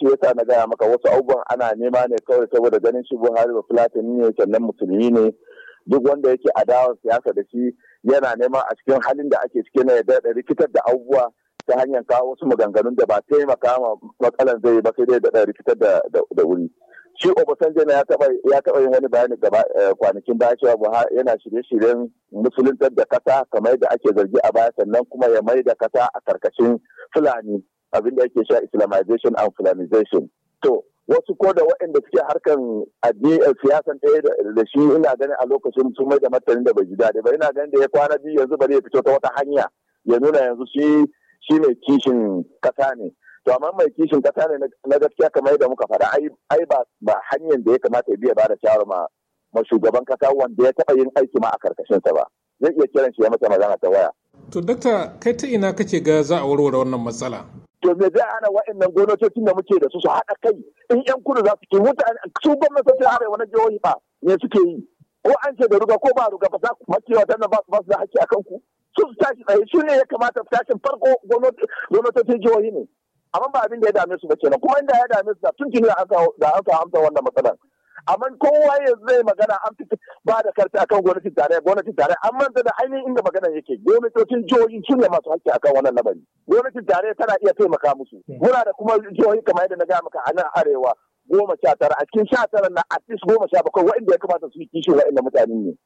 shi yasa na gaya maka wasu abubuwan ana nema ne kawai saboda ganin shi Buhari ba Fulatani ne sannan musulmi ne duk wanda yake adawar siyasa da shi yana nema a cikin halin da ake cike na yadda da rikitar da abubuwa ta hanyar kawo wasu maganganun da ba taimaka ma matsalan zai ba sai dai da rikitar da wuri. shi obasanjo ya taba ya taba yin wani bayani gaba eh, kwanakin baya cewa yana shirye-shiryen musuluntar da kasa kamar da ake zargi a baya sannan kuma ya mai da kasa a karkashin fulani abin da yake sha islamization and fulanization to wasu ko da waɗanda suke harkan eh, siyasan ɗaya da shi ina ganin a lokacin sun mai da martanin da bai ji daɗi ba ina ganin da ya kwana biyu yanzu bari ya fito ta wata hanya ya nuna yanzu shi shi mai kishin ƙasa ne to amma mai kishin ƙasa ne na gaskiya kamar yadda muka faɗa ai ba hanyar da ya kamata ya biya ba da shawara ma ma shugaban ƙasa wanda ya taɓa yin aiki ma a sa ba zai iya kiran shi ya masa magana ta waya. to dakta kai ta ina kake ga za a warware wannan matsala. to me zai ana wa'annan gwamnatocin da muke da su su haɗa kai in yan kudu za su ke mutane su gwamnatocin arewa wani jihohi ba me suke yi ko an ce da ruga ko ba ruga ba za ku makewa ta ba su ba su da haƙƙi a kanku su su tashi tsaye su ne ya kamata su tashin farko gwamnatocin jihohi ne amma ba abin da ya dame su ba kenan kuma inda ya dame su da tun tuni da an samu amsa wannan matsalar amma kowa ya zai magana an fi ba da karfi akan gwamnatin tarayya gwamnatin tarayya an manta da ainihin inda magana yake gwamnatocin jihohi su ne masu hakki akan wannan labari gwamnatin tarayya tana iya taimaka musu hmm. muna da kuma jihohi kamar yadda na gaya maka a nan arewa goma sha tara a cikin sha tara na at least goma sha bakwai waɗanda ya kamata su yi kishin waɗanda mutane ne